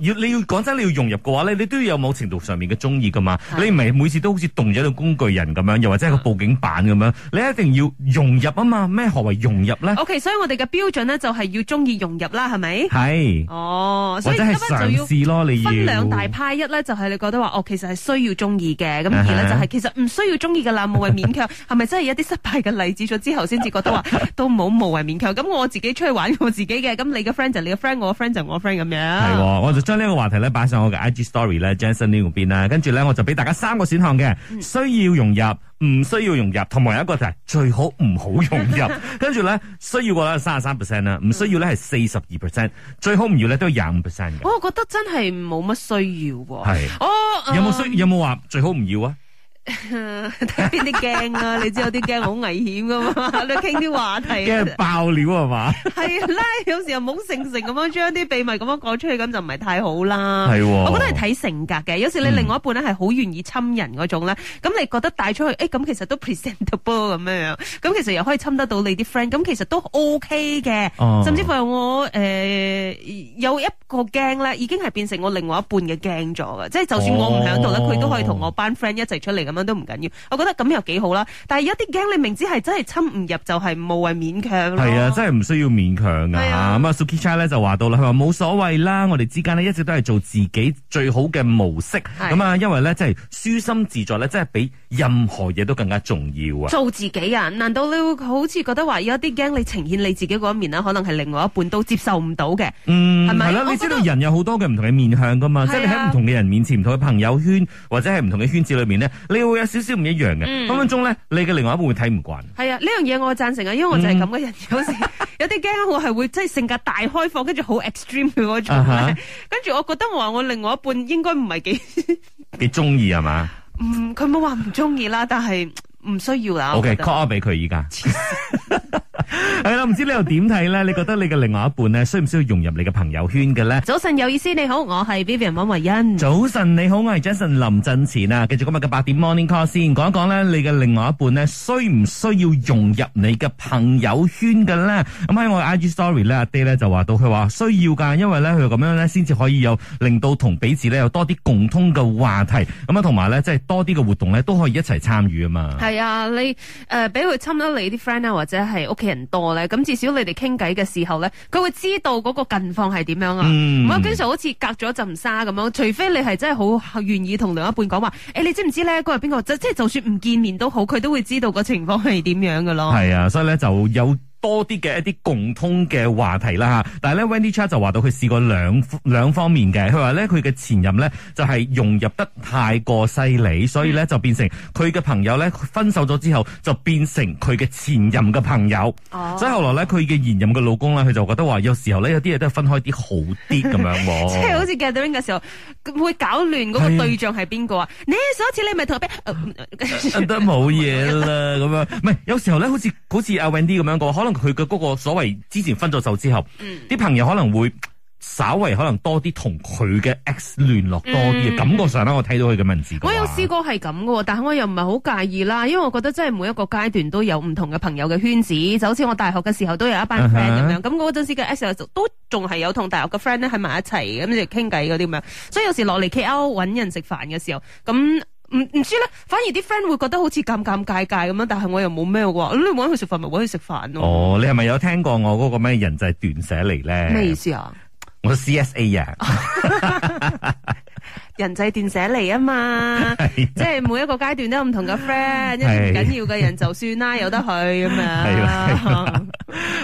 要你要講真你要融入嘅話咧，你都要有某程度上面嘅中意噶嘛。是你唔係每次都好似動咗個工具人咁樣，又或者係個報警版咁樣。你一定要融入啊嘛。咩何謂融入咧？OK，所以我哋嘅標準咧就係、是、要中意融入啦，係咪？係是。哦，或者係嘗試咯，你要分兩大派。一咧就係你覺得話，哦，其實係需要中意嘅。咁二咧就係、是、其實唔需要中意嘅啦，無謂勉強。係咪？ 真係有啲失敗嘅例子咗之後先至覺得話都冇無謂勉強？咁我自己出去玩我自己嘅。咁你嘅 friend 就你嘅 friend，我嘅 friend 就我嘅 friend 咁樣。係，我將呢個話題咧擺上我嘅 IG Story 咧，Jason 呢邊啦，跟住咧我就俾大家三個選項嘅，需要融入，唔需要融入，同埋有一個就係最好唔好融入。跟住咧需要嘅咧三十三 percent 啦，唔需要咧係四十二 percent，最好唔要咧都廿五 percent。我覺得真係冇乜需要喎。係，有冇需有冇話最好唔要啊？睇邊啲驚啊？ 你知有啲驚好危險噶嘛？ 你傾啲話題，驚爆料啊嘛？係 啦， 有時候又冇性性咁樣將啲秘密咁樣講出去，咁就唔係太好啦。 我覺得係睇性格嘅。有時你另外一半咧係好願意侵人嗰種咧，咁你覺得帶出去，誒、欸、咁其實都 presentable 咁樣樣，咁其實又可以侵得到你啲 friend，咁其實都 OK 嘅。甚至乎我誒、欸、有一個驚咧，已經係變成我另外一半嘅驚咗噶，即係就算我唔喺度咧，佢都可以同我班 friend 一齊出嚟咁都唔緊要，我覺得咁又幾好啦。但係有啲驚，你明知係真係侵唔入，就係冇謂勉強咯。係啊，真係唔需要勉強噶。係啊。咁啊，Suki Chan 咧就話到啦，佢話冇所謂啦，我哋之間咧一直都係做自己最好嘅模式。咁啊，因為咧即係舒心自在咧，即係俾。任何嘢都更加重要啊！做自己啊！難道你會好似覺得話有一啲驚你呈現你自己嗰一面咧？可能係另外一半都接受唔到嘅。係咪、嗯？係啦吧，你知道人有好多嘅唔同嘅面向噶嘛？啊、即係你喺唔同嘅人面前、唔、啊、同嘅朋友圈或者係唔同嘅圈子裏面咧，你會有少少唔一樣嘅。嗯、分分鐘咧，你嘅另外一半會睇唔慣。係啊，呢樣嘢我贊成啊，因為我就係咁嘅人。嗯、有時有啲驚我係會即係性格大開放，跟住好 extreme 嘅嗰種。跟住、uh huh. 我覺得我我另外一半應該唔係幾幾中意係嘛？ 嗯，佢冇話唔中意啦，但係唔需要啦。OK，call 俾佢依家。 係啦，唔 知你又點睇咧？你覺得你嘅另外一半咧，需唔需要融入你嘅朋友圈嘅咧？早晨有意思，你好，我係 Vivian 溫慧欣。早晨你好，我係 Jason 林振前啊。繼續今日嘅八點 Morning Call 先，講一講咧，你嘅另外一半咧，需唔需要融入你嘅朋友圈嘅咧？咁喺 我嘅 IG Story 咧、啊，阿爹咧就話到，佢話需要噶，因為咧佢咁樣咧，先至可以有令到同彼此咧，有多啲共通嘅話題，咁啊，同埋咧，即係多啲嘅活動咧，都可以一齊參與啊嘛。係啊，你誒，俾佢差唔多你啲 friend 啊，或者係屋企。人多咧，咁至少你哋傾偈嘅時候咧，佢會知道嗰個近況係點樣啊。唔、嗯、好經常好似隔咗一陣沙咁樣，除非你係真係好願意同另一半講話。誒、欸，你知唔知咧？佢係邊個即係，就算唔見面都好，佢都會知道個情況係點樣噶咯。係啊，所以咧就有。多啲嘅一啲共通嘅話題啦，吓、啊，但係咧，Wendy Chan 就話到佢試過兩兩方面嘅，佢話咧佢嘅前任咧就係、是、融入得太過犀利，所以咧、嗯、就變成佢嘅朋友咧分手咗之後就變成佢嘅前任嘅朋友，哦、所以後來咧佢嘅現任嘅老公咧佢就覺得話有時候咧有啲嘢都係分開啲好啲咁樣，即係 好似 Gathering 嘅時候會搞亂個對象係邊個啊？你上次你咪逃避，得冇嘢啦咁樣，唔係 有時候咧好似好似阿 Wendy 咁樣講，可能。佢嘅嗰個所謂之前分咗手之後，啲、嗯、朋友可能會稍為可能多啲同佢嘅 X 聯絡多啲，嗯、感覺上咧我睇到佢嘅文字。我有試過係咁嘅，但係我又唔係好介意啦，因為我覺得真係每一個階段都有唔同嘅朋友嘅圈子，就好似我大學嘅時候都有一班 friend 咁樣。咁嗰陣時嘅 X 都仲係有同大學嘅 friend 咧喺埋一齊，咁就傾偈嗰啲咁樣。所以有時落嚟 KL 揾人食飯嘅時候，咁。唔唔知咧，反而啲 friend 會覺得好似尷尷尬尬咁樣，但係我又冇咩喎，你搵佢食飯咪搵佢食飯咯。飯啊，哦，你係咪有聽過我嗰個咩人際斷捨離咧？咩意思啊？我 C S A 啊， 人際斷捨離啊嘛，即係是、啊、每一個階段都有唔同嘅 friend，緊要嘅人就算啦，是啊、有得去咁樣。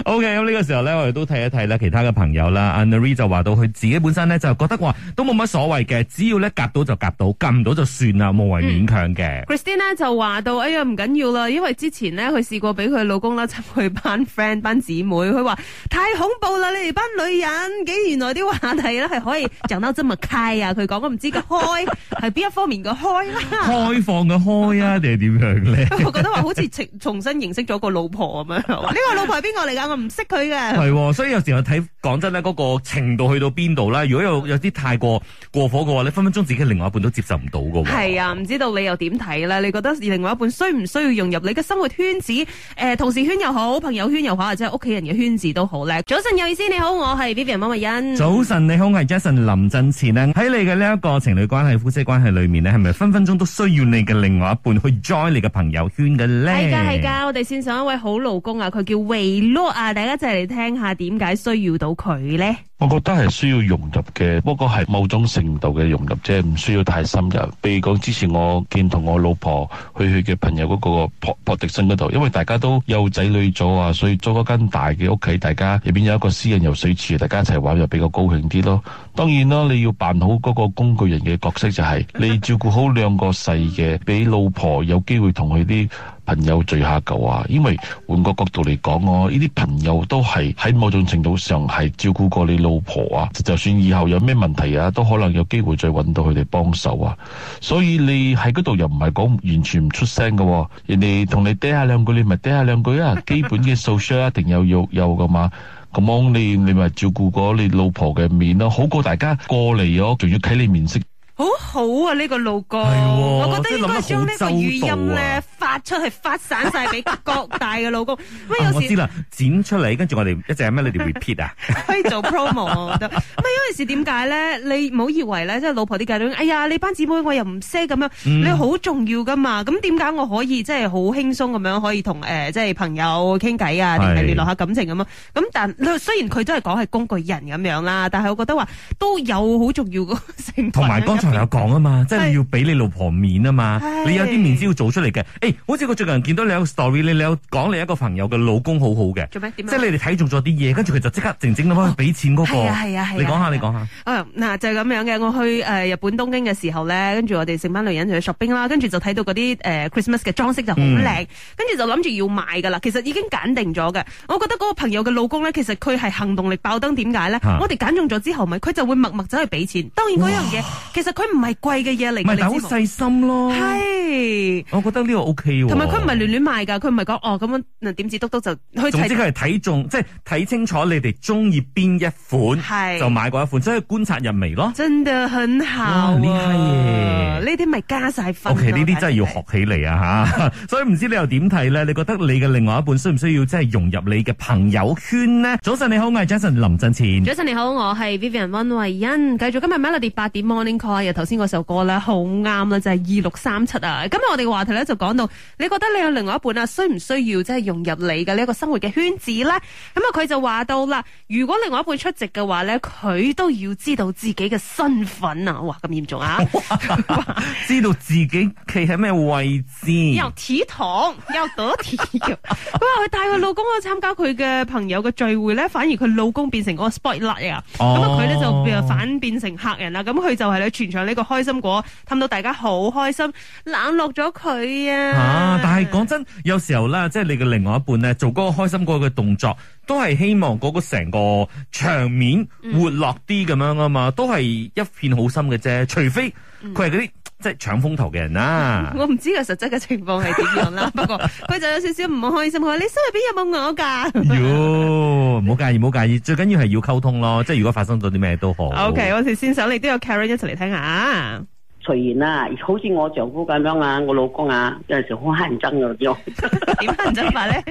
O.K. 咁呢個時候咧，我哋都睇一睇啦，其他嘅朋友啦，Norie 就話到佢自己本身咧就覺得話都冇乜所謂嘅，只要咧夾到就夾到，夾唔到就算啦，冇謂勉強嘅、嗯。Christine 就話到，哎呀唔緊要啦，因為之前呢，佢試過俾佢老公啦、佢班 friend、班姊妹，佢話太恐怖啦，你哋班女人，幾原來啲話題咧係可以整嬲真咪開啊？佢講唔知個開係邊一方面嘅開啦，開放嘅開啊，定係點樣咧？我覺得話好似重重新認識咗個老婆咁樣、啊，呢、這個老婆係邊個嚟噶？ 唔識佢嘅係，所以有時又睇，講真咧，嗰、那個程度去到邊度咧？如果有有啲太過過火嘅話，你分分鐘自己另外一半都接受唔到嘅。係啊，唔知道你又點睇啦？你覺得另外一半需唔需要融入你嘅生活圈子？誒、呃，同事圈又好，朋友圈又好，或者屋企人嘅圈子都好咧。早晨有意思，你好，我係 Vivian 梅欣。早晨你好，我係 Jason 林振前，呢喺你嘅呢一個情侶關係、夫妻關係裏面呢，係咪分分鐘都需要你嘅另外一半去 join 你嘅朋友圈嘅咧？係噶，係噶，我哋線上一位好老公啊，佢叫 Wai Lok 啊。大家就嚟聽一下，點解需要到佢呢？我覺得係需要融入嘅，不過係某種程度嘅融入，即係唔需要太深入。比如講之前我見同我老婆去去嘅朋友嗰個波德申嗰度，因為大家都有仔女咗啊，所以租一間大嘅屋企，大家入邊有一個私人游水池，大家一齊玩又比較高興啲咯。當然啦，你要扮好嗰個工具人嘅角色、就是，就係你照顧好兩個細嘅，俾老婆有機會同佢啲。朋友聚下舊啊，因為換個角度嚟講，我呢啲朋友都係喺某種程度上係照顧過你老婆啊，就算以後有咩問題啊，都可能有機會再揾到佢哋幫手啊。所以你喺嗰度又唔係講完全唔出聲嘅、哦，人哋同你嗲下兩句，你咪嗲下兩句啊。基本嘅 social 一定有有有嘅嘛，咁樣你你咪照顧過你老婆嘅面咯、啊，好過大家過嚟咯仲要睇你面色。好好啊，呢個老公，我覺得應該將呢個語音咧發出去發散曬俾各大嘅老公。咩有時我知啦，剪出嚟跟住我哋一陣咩？你哋 repeat 啊？可以做 promo 啊？唔係因為時點解咧？你唔好以為咧，即係老婆啲計都，哎呀你班姊妹我又唔識咁樣，你好重要㗎嘛？咁點解我可以即係好輕鬆咁樣可以同誒即係朋友傾偈啊，定係聯絡下感情咁啊？咁但雖然佢都係講係工具人咁樣啦，但係我覺得話都有好重要個成分。朋友講啊嘛，即係你要俾你老婆面啊嘛，你有啲面先要做出嚟嘅。誒，好似我最近見到你有 story，你你有講你一個朋友嘅老公好好嘅，做咩點？即係你哋睇中咗啲嘢，跟住佢就即刻靜靜咁樣俾錢嗰個。係啊係啊係啊，你講下你講下。嗱就係咁樣嘅。我去誒日本東京嘅時候咧，跟住我哋成班女人去索冰啦，跟住就睇到嗰啲誒 Christmas 嘅裝飾就好靚，跟住就諗住要買㗎啦。其實已經揀定咗嘅。我覺得嗰個朋友嘅老公咧，其實佢係行動力爆燈，點解咧？我哋揀中咗之後，咪佢就會默默走去俾錢。當然嗰樣嘢其實。佢唔係貴嘅嘢嚟，唔係你好細心咯，係，我覺得呢個 O K 喎，同埋佢唔係亂亂賣噶，佢唔係講哦咁樣，嗱點指篤篤就，總之佢係睇中，即係睇清楚你哋中意邊一款，係，就買過一款，所以觀察入微咯，真的很好，哇，呢下嘢，呢啲咪加晒分，O K 呢啲真係要學起嚟啊吓，所以唔知你又點睇咧？你覺得你嘅另外一半需唔需要即係融入你嘅朋友圈咧？早晨你好，我係 Jason 林振前，早晨你好，我係 Vivian 溫慧欣，繼續今日 Melody 八點 Morning Call。頭先嗰首歌咧，好啱啦，就係二六三七啊！今日我哋嘅話題咧就講到，你覺得你有另外一半啊，需唔需要即係融入你嘅呢一個生活嘅圈子咧？咁啊，佢就話到啦，如果另外一半出席嘅話咧，佢都要知道自己嘅身份啊！哇，咁嚴重啊！哇哇知道自己企喺咩位置，又鐵糖又朵鐵，佢話佢帶佢老公去參加佢嘅朋友嘅聚會咧，反而佢老公變成嗰個 spotlight 啊、哦！咁啊，佢咧就反變成客人啦，咁佢就係全就呢個開心果，氹到大家好開心，冷落咗佢啊！吓、啊，但係講真，有時候咧，即係你嘅另外一半咧，做個開心果嘅動作，都係希望個成個場面活絡啲咁樣啊嘛，嗯、都係一片好心嘅啫，除非佢係啲。嗯即係搶風頭嘅人啦、啊嗯，我唔知佢實質嘅情況係點樣啦， 不過佢就有少少唔好開心， 你心入邊有冇我噶？喲 唔好介意，唔好介意，最緊要係要溝通咯，即係如果發生到啲咩都好。OK，我哋先上嚟都有 Karen 一齊嚟聽下。隨緣啦，好似我丈夫咁樣啊，我老公啊，有陣時好乞人憎嘅咯，點乞人憎法咧？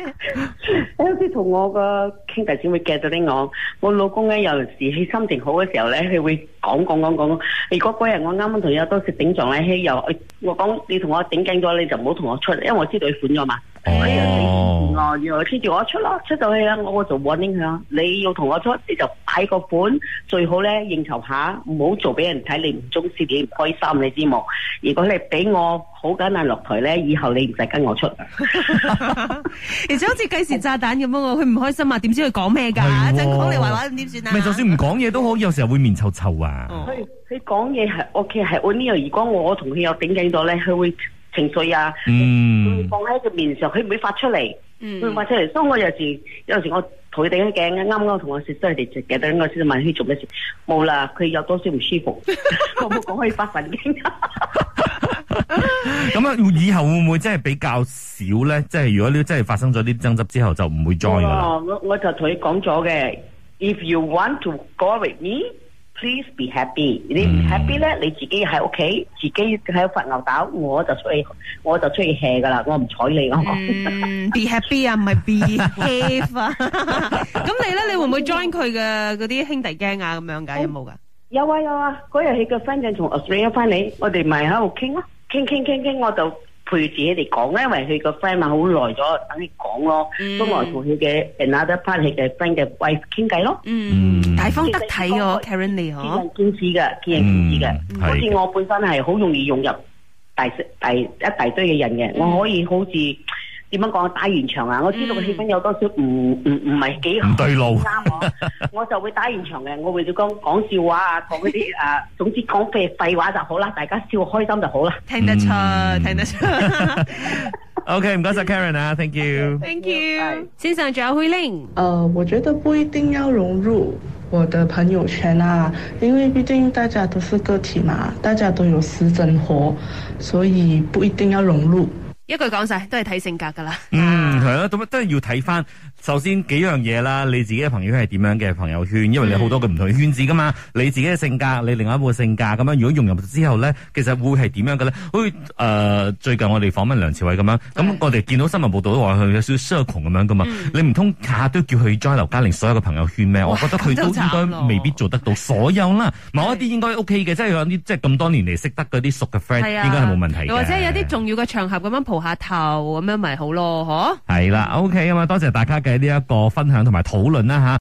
有啲同我個兄弟姊妹夾咗啲我，我老公咧有時喺心情好嘅時候咧，佢會講講講講。如果嗰日我啱啱同有多次頂撞咧，又我講你同我頂頸咗，你就唔好同我出嚟，因為我知道佢款咗嘛。哦。原來黐住我出咯，出到去啦，我就搵你啦。你要同我出，一你就擺個款，最好咧應酬下，唔好做俾人睇，你唔中自己唔開心，你知冇？如果你俾我好簡單落台咧，以後你唔使跟我出。 而且好似計時炸彈咁樣！佢唔 開心啊，點知佢講咩噶？真講你話話點算啊？咪的、啊、就算唔講嘢都好，有時候會面臭臭啊。佢佢講嘢係，屋企係我呢樣如果我同佢有頂頸咗咧，佢會情緒啊。嗯，嗯 放喺佢面上，佢唔會發出嚟。佢話出嚟，所以我有時有時我同佢哋起頸啱啱同我食都係哋食嘅，等我先問佢做咩事。冇 啦樂，佢有多少唔舒服，我冇講可以發神經。咁啊，以後會唔會真係比較少咧？即係如果你真係發生咗啲爭執之後就，就唔會再啦。我我就同你講咗嘅，If you want to go with me。Please be happy, be happy，嗯。你唔 happy 咧，你自己喺屋企，自己喺度發吽斗，我就出去，我就出去 hea 噶啦。我唔睬你我。嗯 ，be happy 啊， 唔係 be have 啊。咁你咧，你會唔會 join 佢嘅嗰啲兄弟 gang 啊？咁樣噶有冇噶、嗯？有啊有啊。嗰日去個 friend 從 Australia 翻嚟，我哋咪喺度傾咯，傾傾傾傾，我就。陪自己嚟講咧，因為佢個 friend 嘛，好耐咗，等佢講咯，都冇同佢嘅 another party 嘅 friend 嘅為傾偈咯。嗯，大方得體喎，Karen 好矜持，見仁見智嘅，好似我本身係好容易融入大大一大堆嘅人嘅，我可以好似。點樣講啊？打完場啊！我知道個氣氛有多少唔唔唔係幾唔對路，teachers, 嗯、我、哦，就會打完場嘅。我會講講笑話啊，講嗰啲誒，總之講啲廢話就好啦，大家笑開心就好啦，嗯，聽得出，聽得出。OK，唔該晒 Karen 啊，Thank you，Thank you。You. 先生仲有 Ling 誒，我覺得不一定要融入我的朋友圈啊，因為畢竟大家都是個體嘛，大家都，都有私生活，所以不一定要融入。一句講晒，都係睇性格噶啦。嗯，係啊，咁啊，都係要睇翻。首先幾樣嘢啦，你自己嘅朋友圈係點樣嘅朋友圈？因為你好多嘅唔同嘅圈子噶嘛，你自己嘅性格，你另外一個性格咁樣，如果融入之後咧，其實會係點樣嘅咧？好似誒、呃、最近我哋訪問梁朝偉咁樣，咁的我哋見到新聞報道都話佢有少少社恐咁樣噶嘛。嗯、你唔通下都叫佢 join 劉嘉玲所有嘅朋友圈咩？嘩我覺得佢都應該未必做得到所有啦， 某一啲應該 OK 嘅，即係有啲即係咁多年嚟識得嗰啲熟嘅 friend，的應該係冇問題。或者有啲重要嘅場合咁樣蒲下頭咁樣咪好咯，嗬、嗯？係啦，OK 啊嘛，多謝大家嘅。呢一個分享同埋討論啦吓。